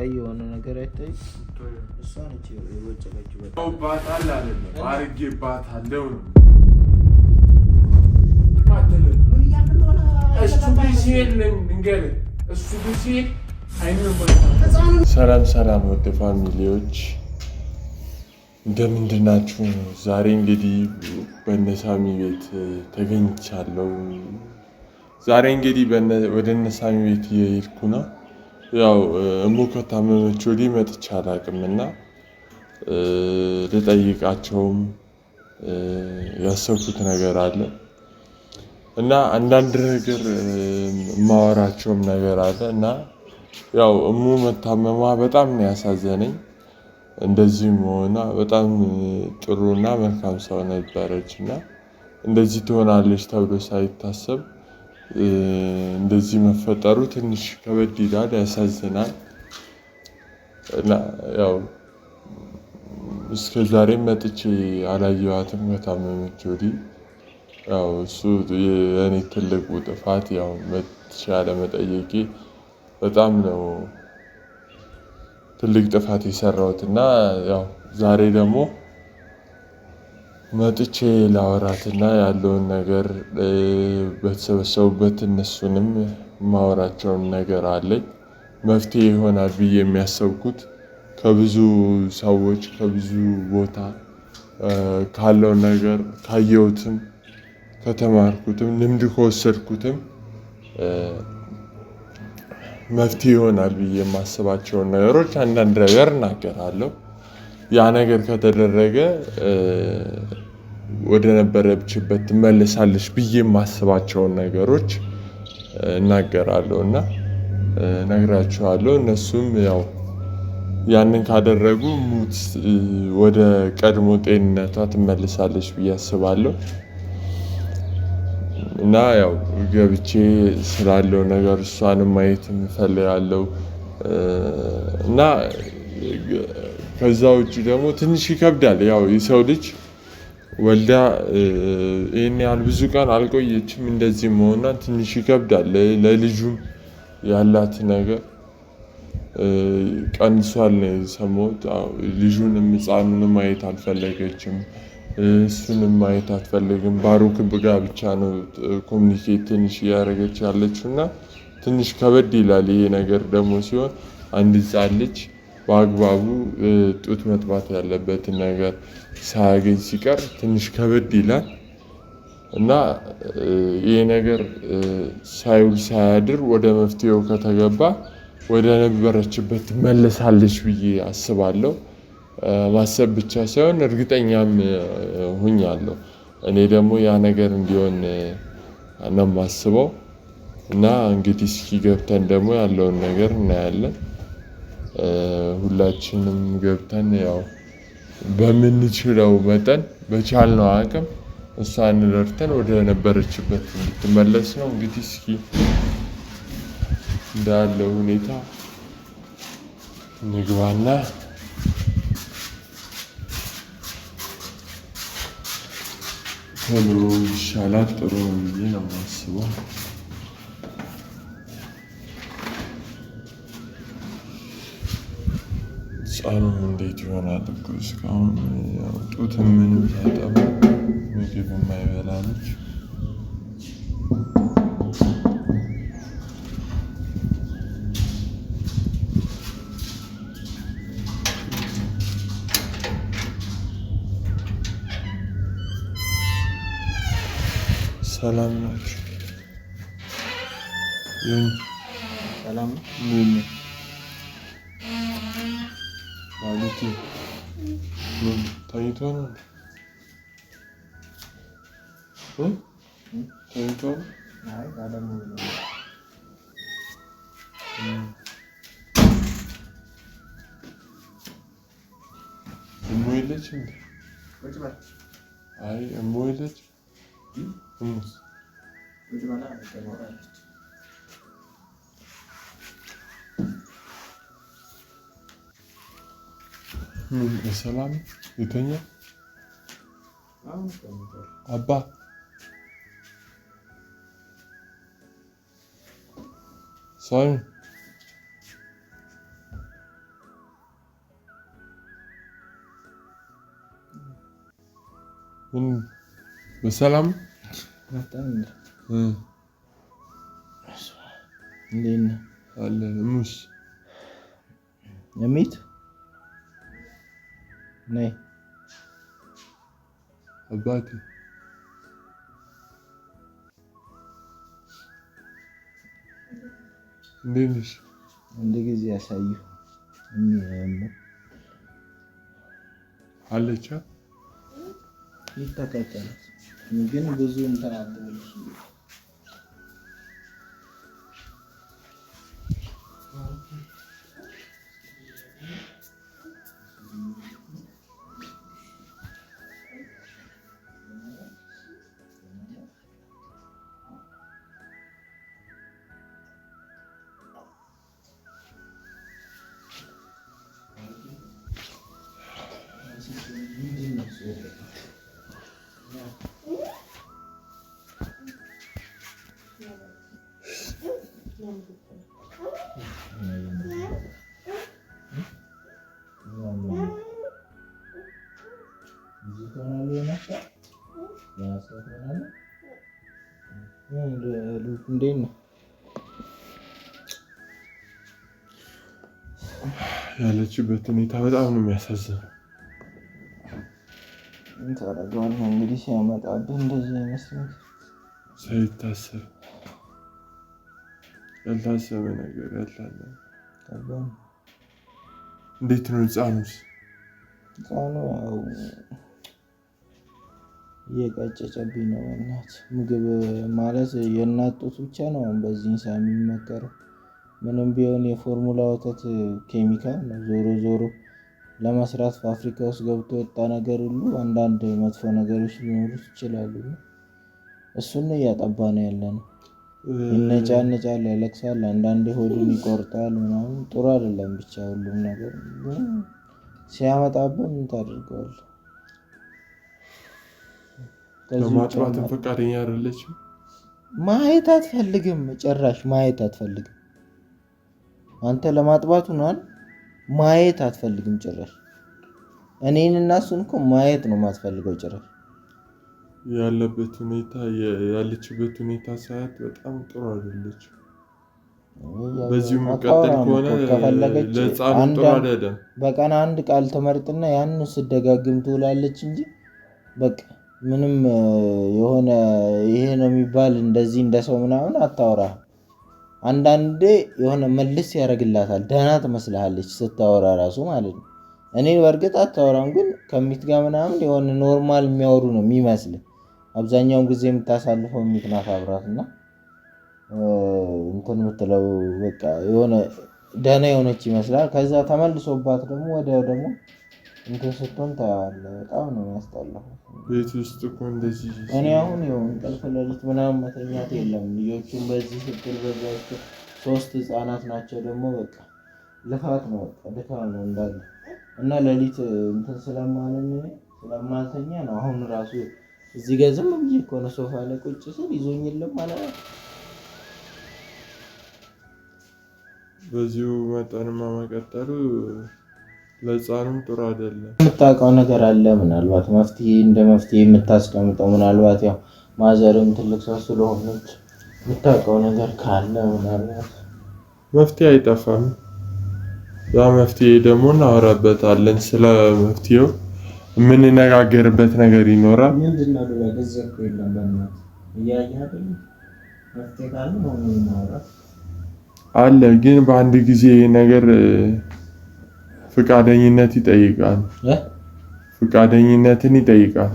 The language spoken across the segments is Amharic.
ቀይ የሆነ ነገር አይታይ። እሷን እቺ የወጨቀችው በጣም ባታል አይደለም አድርጌባታለሁ ነው ሰላም ሰላም፣ ወደ ፋሚሊዎች እንደምንድን ናችሁ? ዛሬ እንግዲህ በነሳሚ ቤት ተገኝቻለሁ። ዛሬ እንግዲህ ወደ ነሳሚ ቤት እየሄድኩ ነው። ያው እሙ ከታመመች ወዲህ መጥቼ አላቅምና ልጠይቃቸውም ያሰብኩት ነገር አለ እና አንዳንድ ነገር የማወራቸውም ነገር አለ እና ያው እሙ መታመሟ በጣም ነው ያሳዘነኝ። እንደዚህ መሆኗ በጣም ጥሩና መልካም ሰው ነበረች እና እንደዚህ ትሆናለች ተብሎ ሳይታሰብ እንደዚህ መፈጠሩ ትንሽ ከበድ ይላል፣ ያሳዝናል። ያው እስከ ዛሬም መጥቼ አላየዋትም ከታመመች ወዲህ። ያው እሱ የእኔ ትልቁ ጥፋት ያው መጥቼ አለመጠየቄ በጣም ነው ትልቅ ጥፋት የሰራሁት እና ያው ዛሬ ደግሞ መጥቼ ላወራትና ያለውን ነገር በተሰበሰቡበት እነሱንም ማወራቸውን ነገር አለኝ። መፍትሄ ይሆናል ብዬ የሚያሰብኩት ከብዙ ሰዎች ከብዙ ቦታ ካለው ነገር ካየሁትም ከተማርኩትም ልምድ ከወሰድኩትም መፍትሄ ይሆናል ብዬ የማስባቸውን ነገሮች አንዳንድ ነገር እናገራለሁ ያ ነገር ከተደረገ ወደ ነበረችበት ትመለሳለች ብዬ የማስባቸውን ነገሮች እናገራለሁ እና ነግራቸዋለሁ። እነሱም ያው ያንን ካደረጉ ሙት ወደ ቀድሞ ጤንነቷ ትመልሳለች ብዬ አስባለሁ። እና ያው ገብቼ ስላለው ነገር እሷንም ማየት ፈለያለው እና ከዛ ውጭ ደግሞ ትንሽ ይከብዳል። ያው የሰው ልጅ ወልዳ ይህን ያህል ብዙ ቀን አልቆየችም። እንደዚህ መሆኗ ትንሽ ይከብዳል። ለልጁም ያላት ነገር ቀንሷል ነው የሰማሁት። ልጁንም ህፃኑንም ማየት አልፈለገችም፣ እሱንም ማየት አትፈልግም። ባሩክ ብጋ ብቻ ነው ኮሚኒኬት ትንሽ እያደረገች ያለችው እና ትንሽ ከበድ ይላል ይሄ ነገር ደግሞ ሲሆን አንድ ሕፃን ልጅ በአግባቡ ጡት መጥባት ያለበትን ነገር ሳያገኝ ሲቀር ትንሽ ከበድ ይላል እና ይህ ነገር ሳይውል ሳያድር ወደ መፍትሄው ከተገባ ወደ ነበረችበት መለሳለች ብዬ አስባለሁ። ማሰብ ብቻ ሳይሆን እርግጠኛም ሁኛለሁ። እኔ ደግሞ ያ ነገር እንዲሆን ነው የማስበው እና እንግዲህ እስኪ ገብተን ደግሞ ያለውን ነገር እናያለን። ሁላችንም ገብተን ያው በምንችለው መጠን በቻልነው አቅም እሷን ረድተን ወደ ነበረችበት እንድትመለስ ነው። እንግዲህ እስኪ እንዳለ ሁኔታ ንግባና ተብሎ ይሻላል። ጥሩ ነው ብዬ ነው የማስበው። ህፃኑም እንዴት ይሆናል እኮ እስካሁን ጡትም ምንም ሳይጠባ ምግብ የማይበላ ልጅ ሰላም ናቸው። ሰላም ነው። 있지. 응, 다행히도 하나. 응? 응? 다행히도 하나? 아이, 나다 모르는 응. 엠모일래 친데. 그러지 마. 아이, 엠모일래 친. 응? 응. 그러지 마라. 내가 뭐라. በሰላም የተኛ አባ ሳይም በሰላም እንዴት ነህ? አለን ሙስ የሚት ነይ አባቴ እንዴት ነሽ? አንድ ጊዜ ያሳየሁ አለቻ ይተከተላት ግን ብዙ እንትን ያለችበት ሁኔታ በጣም ነው የሚያሳዝነው። ታደርገዋለህ እንግዲህ ሲያመጣብህ እንደዚህ አይመስለኝ ሳይታሰብ ያልታሰበ ነገር ያላለ እንዴት ነው ህፃኑስ? ህፃኑ እየቀጨጨብኝ ነው እናት ምግብ ማለት የእናት ጡት ብቻ ነው በዚህን ሰዓት የሚመከረው ምንም ቢሆን የፎርሙላ ወተት ኬሚካል ነው። ዞሮ ዞሮ ለመስራት ፋብሪካ ውስጥ ገብቶ የወጣ ነገር ሁሉ አንዳንድ መጥፎ ነገሮች ሊኖሩት ይችላሉ። እሱን እያጠባ ነው ያለ ነው። ይነጫነጫል፣ ያለቅሳል፣ አንዳንድ ሆዱን ይቆርጣል ምናምን ጥሩ አይደለም። ብቻ ሁሉም ነገር ሲያመጣብን ምን ታደርገዋል? ፈቃደኛ አይደለችም። ማየት አትፈልግም፣ ጭራሽ ማየት አትፈልግም። አንተ ለማጥባት ሆኗል ማየት አትፈልግም ጭራሽ። እኔን እና እሱን እኮ ማየት ነው የማትፈልገው ጭራሽ። ያለበት ሁኔታ ያለችበት ሁኔታ ሳያት በጣም ጥሩ አይደለች። በዚሁ መቀጠል ከሆነ በቀን አንድ ቃል ትመርጥና ያን ስደጋግም ትውላለች እንጂ በቃ ምንም የሆነ ይሄ ነው የሚባል እንደዚህ እንደሰው ምናምን አታወራም። አንዳንዴ የሆነ መልስ ያደርግላታል። ደህና ትመስልሃለች ስታወራ ራሱ ማለት ነው። እኔ በእርግጥ አታወራም፣ ግን ከሚት ጋር ምናምን የሆነ ኖርማል የሚያወሩ ነው የሚመስል። አብዛኛውን ጊዜ የምታሳልፈው ሚት ናት አብራት እና እንትን የምትለው በቃ የሆነ ደህና የሆነች ይመስላል። ከዛ ተመልሶባት ደግሞ ወዲያው ደግሞ እንትን ስትሆን ታየዋለህ። በጣም ነው የሚያስጠላው። ቤት ውስጥ እኮ እንደዚህ እኔ አሁን ይኸው እንቅልፍ ሌሊት ምናምን መተኛት የለም። ልጆቹን በዚህ ስትል በዛ ስትል ሶስት ህፃናት ናቸው ደግሞ በቃ ልፋት ነው በቃ ድካም ነው እንዳለ እና ሌሊት እንትን ስለማለኝ ስለማልተኛ ነው አሁን ራሱ እዚህ ጋር ዝም ብዬ እኮ ነው ሶፋ ላይ ቁጭ ስል ይዞኝ የለም ማለት ነው። በዚሁ መጠንማ መቀጠሉ ለህፃኑም ጥሩ አይደለም። የምታውቀው ነገር አለ ምናልባት መፍትሄ እንደ መፍትሄ የምታስቀምጠው ምናልባት ያው ማዘርም ትልቅ ሰው ስለሆነች የምታውቀው ነገር ካለ ምናልባት መፍትሄ አይጠፋም። ያ መፍትሄ ደግሞ እናወራበታለን። ስለ መፍትሄው የምንነጋገርበት ነገር ይኖራል። አለ ግን በአንድ ጊዜ ነገር ፍቃደኝነት ይጠይቃል። ፍቃደኝነትን ይጠይቃል።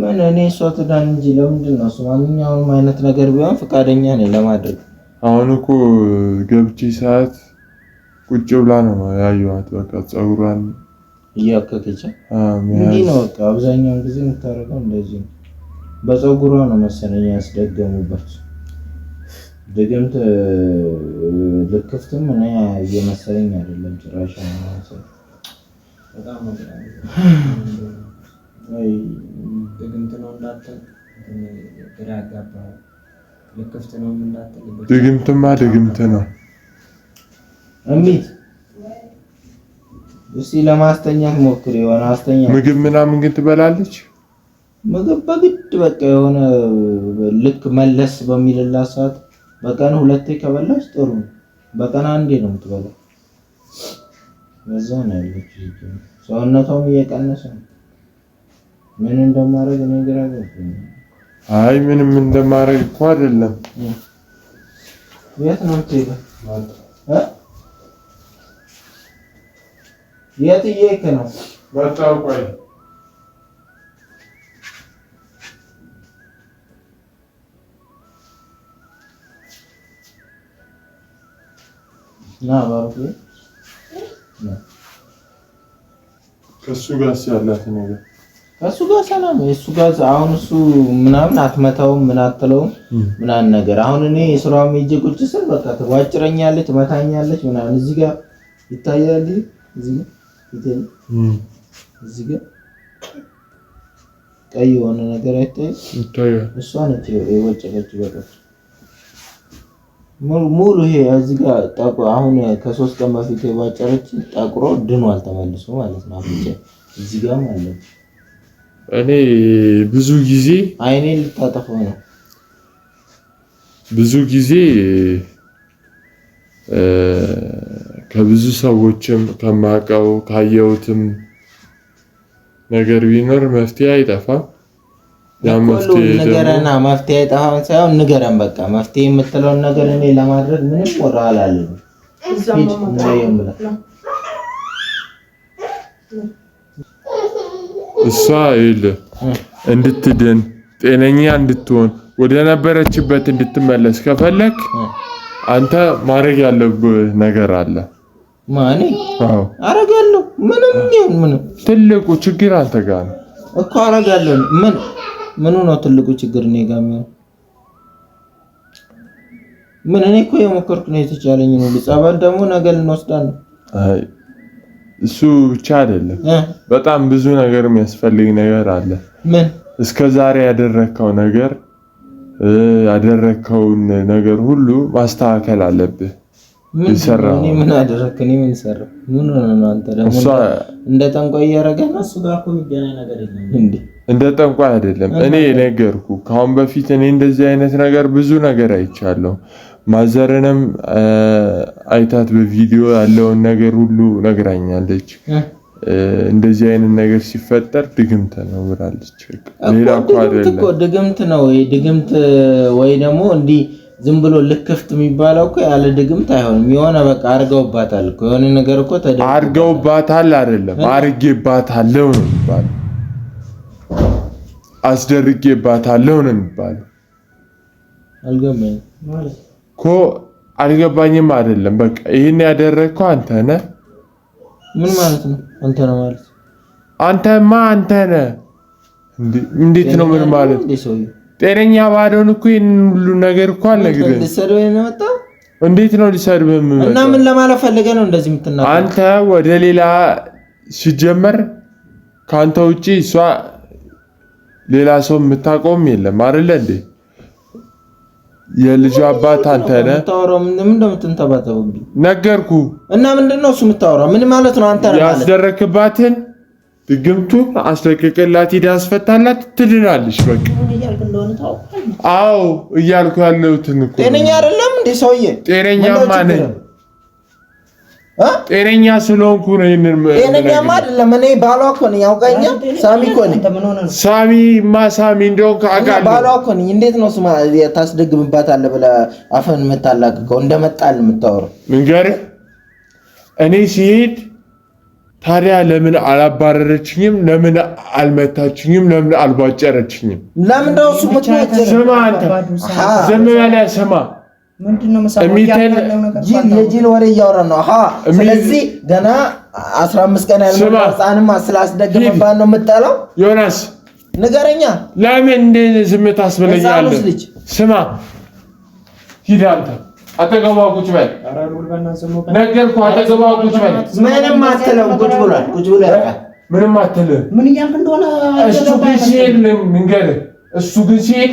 ምን እኔ እሷ ትዳን እንጂ ለምንድን ነው እሱ ማንኛውም አይነት ነገር ቢሆን ፍቃደኛ ነኝ ለማድረግ። አሁን እኮ ገብቼ ሰዓት ቁጭ ብላ ነው ያየኋት። በቃ ፀጉሯን እያከከች እንዲህ ነው በቃ አብዛኛውን ጊዜ የምታደርገው እንደዚህ ነው። በፀጉሯ ነው መሰለኝ ያስደገሙበት። ድግምት ልክፍትም እኔ እየመሰለኝ አይደለም ጭራሽ ድግምትማ ድግምት ነው። እሚት እስኪ ለማስተኛት ሞክር። የሆነ አስተኛ ምግብ ምናምን ግን ትበላለች። ምግብ በግድ በቃ የሆነ ልክ መለስ በሚልላት ሰዓት በቀን ሁለቴ ከበላች ጥሩ ነው። በቀን አንዴ ነው የምትበላው። በዛ ነው ያለችው። ሰውነቷም እየቀነሰ ነው። ምን እንደማደርግ እኔ ግራ ገብቶኛል። አይ ምንም እንደማደርግ እኮ አይደለም። የት ነው የምትሄደው? የት እየሄድክ ነው? ወጣሁ። ቆይ ና ባሮክ ከሱ ጋር ያላት ነገር ከሱ ጋር ሰላም፣ እሱ ጋር አሁን እሱ ምናምን አትመታውም፣ ምን አትለውም ምናምን ነገር። አሁን እኔ ስራው ሄጄ ቁጭ ስል በቃ ትቧጭረኛለች፣ መታኛለች ምናምን። እዚህ ጋር ይታያል፣ እዚህ ጋር ቀይ የሆነ ነገር አይታይም። እሷ ነች የወጨቀችው በቃ ሙሉ ይሄ እዚህ ጋር አሁን ከሶስት ቀን በፊት የባጨረች ጠቁሮ ድኗል ተመልሶ ማለት ነው። አፍንጫ እዚህ ጋር ማለት እኔ ብዙ ጊዜ አይኔን ልታጠፋው ነው። ብዙ ጊዜ ከብዙ ሰዎችም ከማውቀው ካየሁትም ነገር ቢኖር መፍትሄ አይጠፋም። ንገረና መፍትሄ አይጠፋም ሳይሆን ንገረን። በቃ መፍትሄ የምትለውን ነገር እኔ ለማድረግ ምንም ወደኋላ አለኝ። እሷ ይኸውልህ እንድትድን ጤነኛ እንድትሆን ወደ ነበረችበት እንድትመለስ ከፈለክ አንተ ማድረግ ያለብህ ነገር አለ። ማኔ አረጋለሁ። ምንም ይሁን ምንም፣ ትልቁ ችግር አንተ ጋር ነው እኮ አረጋለሁ ምን ምኑ ነው ትልቁ ችግር? እኔ ጋር የሚሆን ምን? እኔ እኮ የሞከርኩ ነው የተቻለኝ ነው። ጸበል ደግሞ ነገር ልንወስዳን ነው። እሱ ብቻ አይደለም፣ በጣም ብዙ ነገር የሚያስፈልግ ነገር አለ። ምን? እስከ ዛሬ ያደረግከው ነገር ያደረግከውን ነገር ሁሉ ማስተካከል አለብህ። ምን አደረግክ? እኔ ምን ሰራሁ? ምን ሆነ ነው አንተ ደግሞ እንደ ጠንቋይ እያደረገህ ነው። እሱ ጋር እኮ የሚገናኝ ነገር የለም እንዴ እንደ ጠንቋይ አይደለም። እኔ ነገርኩ ከአሁን በፊት እኔ እንደዚህ አይነት ነገር ብዙ ነገር አይቻለሁ። ማዘረንም አይታት በቪዲዮ ያለውን ነገር ሁሉ ነግራኛለች። እንደዚህ አይነት ነገር ሲፈጠር ድግምት ነው ብላለች። ሌላ እኮ አይደለም እኮ ድግምት ነው ድግምት ወይ ደግሞ እንዲህ ዝም ብሎ ልክፍት የሚባለው እኮ ያለ ድግምት አይሆንም። የሆነ በቃ አርገውባታል እኮ የሆነ ነገር እኮ አርገውባታል አይደለም አርጌባታል ነው የሚባለው አስደርጌባታለሁ ነው የሚባለው እኮ አልገባኝም አይደለም በቃ ይሄን ያደረግከው አንተ ነህ ምን ማለት ነው አንተ ነህ ማለት አንተማ አንተ ነህ እንዴት ነው ምን ማለት ጤነኛ ባዶን እኮ ይሄን ሁሉ ነገር እኮ አልነግርህም እንዴት ነው ሊሰድብ የምመጣው እና ምን ለማለት ፈልገህ ነው እንደዚህ የምትናገረው አንተ ወደ ሌላ ሲጀመር ከአንተ ውጪ እሷ ሌላ ሰው የምታውቀውም የለም አይደለ እንዴ? የልጁ አባት አንተ ነህ። ነገርኩ እና ምንድነው እሱ የምታወራው? ምን ማለት ነው? አንተ ያስደረክባትን ድግምቱን አስለቅቅላት፣ ሂድ አስፈታላት፣ ትድናለች። በቃ አዎ እያልኩ ያለሁትን እኮ ጤነኛ አይደለም እንዴ ሰውዬ? ጤነኛማ ነኝ ጤነኛ ስለሆንኩ ነው። ይሄንን ጤነኛማ አይደለም። እኔ ባሏ እኮ ነኝ። ያውቃኛል። ሳሚ እኮ ነኝ። ሳሚማ ሳሚ እንደሆንክ አውቃለሁ። ባሏ እኮ ነኝ። እንዴት ነው ስማ፣ ታስደግምባታለህ ብለህ አፈን የምታላቅቀው እንደመጣል የምታወራው ንገርህ። እኔ ሲሄድ ታዲያ ለምን አላባረረችኝም? ለምን አልመታችኝም? ለምን አልቧጨረችኝም? ለምን ነው ደውሱ ምክንያት ስማ፣ አንተ ዝም በለ ስማ የጅል ወሬ እያወራን ነው። ስለዚህ ገና አስራ አምስት ቀን ያልሞላ ሕፃንም ስላስደገመባን ነው የምጠላው። ዮናስ ንገረኛ፣ ለምን እንደ ዝም ታስብለኛለህ? ስማ፣ ሂድ አንተ አጠገቧ ቁጭ በል ነገርኩህ። አጠገቧ ቁጭ በል። ምንም አትልም። ቁጭ ብሏል። ቁጭ ብሎ ያውቃል። ምንም አትልም። ምን እያልክ እንደሆነ እሱ ግን ሲሄድ እንገርህ እሱ ግን ሲሄድ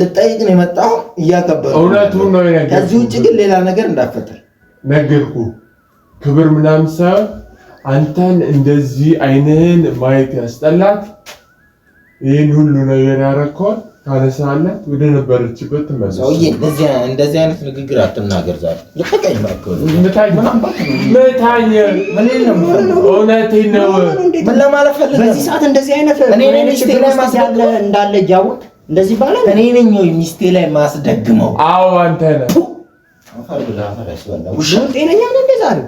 ልጠይቅ ነው የመጣው እያከበረ እውነቱን ነው። ከዚህ ውጭ ግን ሌላ ነገር እንዳፈጠር ነገርኩ። ክብር ምናምን ሳይሆን አንተን እንደዚህ አይንህን ማየት ያስጠላት። ይህን ሁሉ ነገር ያረከውን ታነሳላት፣ ወደ ነበረችበት ትመለስ። እንደዚህ አይነት ንግግር አትናገር። ዛሬ ልቀቀኝ እባክህ። ምን ለማለት ፈልገህ በዚህ ሰዓት እንደዚህ አይነት እንዳለ እያወቅህ እንደዚህ ባለ እኔ ነኝ ሚስቴ ላይ ማስደግመው። አዎ አንተ ነህ። ጤነኛ ነህ? ነው።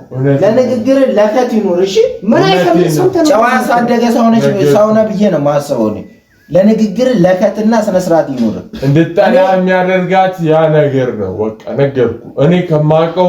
ለንግግር እሺ ምን ጨዋ ብዬ ነው እኔ። ለንግግር ለከትና ስነ ስርዓት ይኖር። እንድጠላ የሚያደርጋት ያ ነገር ነው። በቃ እኔ ከማውቀው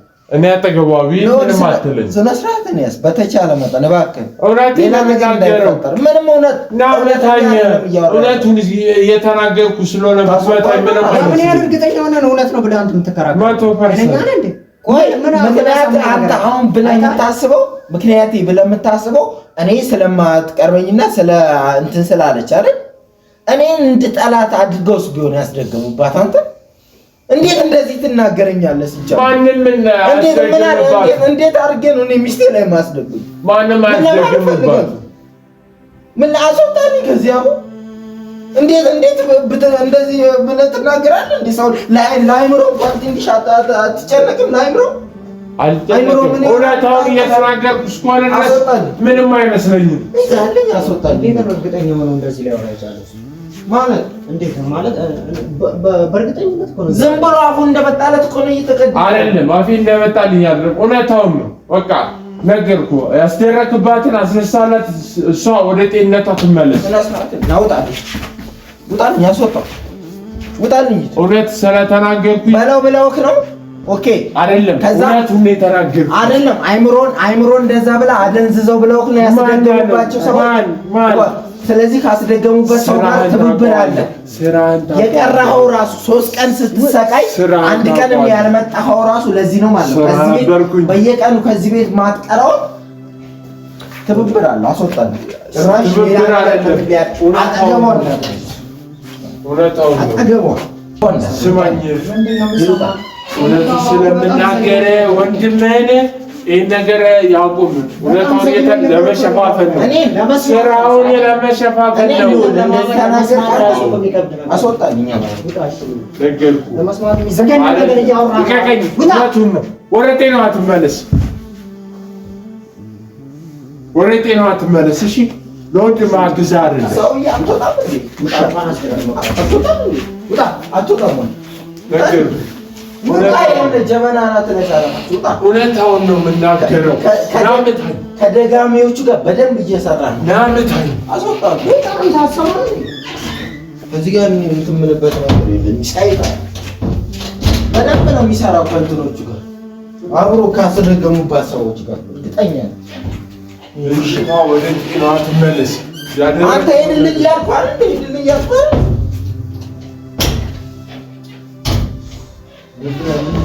እኔ አጠገቧ ምንም አትልኝ። ስነ ስርዓት ያዝ። በተቻለ መጠን እባክህ ምንም እውነቱን እየተናገርኩ ስለሆነ እውነት ነው ብለህ አንተ ምክንያት አንተ አሁን ብለህ የምታስበው ምክንያት ብለህ የምታስበው እኔ ስለማትቀርበኝና ስለ እንትን ስላለች አይደል እኔን እንድጠላት አድርገውስ ቢሆን ያስደገሙባት አንተ እንዴት እንደዚህ ትናገረኛለህ? ሲቻል ማንንም ምን እንዴት አድርጌ ነው እኔ ሚስቴ ላይ ማስደግም? ማንንም አያስደግምባት። ምን አስወጣኝ ከዚህ አሁን እንዴት እንዴት እንደዚህ ብለህ ትናገራለህ? እንዴ ሰው ላይ ላይምሮ ፓርቲ እንዲሻጣ አትጨነቅም? ላይምሮ ምን እውነታውን እየተናገርኩ እስከሆነ ድረስ ምንም አይመስለኝም። ይዛልኝ አስወጣኝ። እንዴት ነው እርግጠኛ ሆነው እንደዚህ ላይ ወራ ይቻለሁ ማለት እንዴት ነው ማለት? በእርግጠኝነት እኮ ነው። ዝም ብሎ አፉ እንደመጣለት እኮ ነው እየተቀደደ አይደለም። አፌ እንደመጣልኝ አይደለም፣ እውነታውን ነው። በቃ ነገርኩ። ያስደረክባትን አስነሳላት፣ እሷ ወደ ጤንነቷ ትመለስ። ውጣልኝ፣ ውጣልኝ፣ አስወጣው፣ ውጣልኝ። እውነት ስለተናገርኩኝ በለው ብለውክ ነው ኦኬ አይደለም። ከዛ አይምሮን አይምሮን እንደዛ ብላ አደንዝዘው ብለውክ ነው ያስገደሉባቸው ሰዎች ስለዚህ ካስደገሙበት ሰው ጋር ትብብር አለ። የቀረኸው ራሱ ሶስት ቀን ስትሰቃይ አንድ ቀንም ያልመጣኸው ራሱ ለዚህ ነው ማለት ነው። በየቀኑ ከዚህ ቤት ማትቀረው ትብብር አለ። አስወጣለሁ ስማኝ ስለምናገረ ወንድምህን ይህን ነገር ያቁም። እውነቱን ለመሸፋፈን ነው፣ ስራውን ለመሸፋፈን ነው። ወረጤ ነው አትመለስ፣ ወረጤ ነው አትመለስ። እሺ ለውድ ማግዛር ነው ጀበና ናት እውነታውን ነው የምናገረው። ከደጋሚዎቹ ጋር በደንብ እየሰራ ነው። እዚህ ጋር የምትምልበት በደንብ ነው የሚሰራው። ከእንትኖቹ ጋር አብሮ ካስደገሙባት ሰዎች ጋር እርግጠኛ ነኝ። አንተ ይሄንን ልጅ ያልኳል Gracias.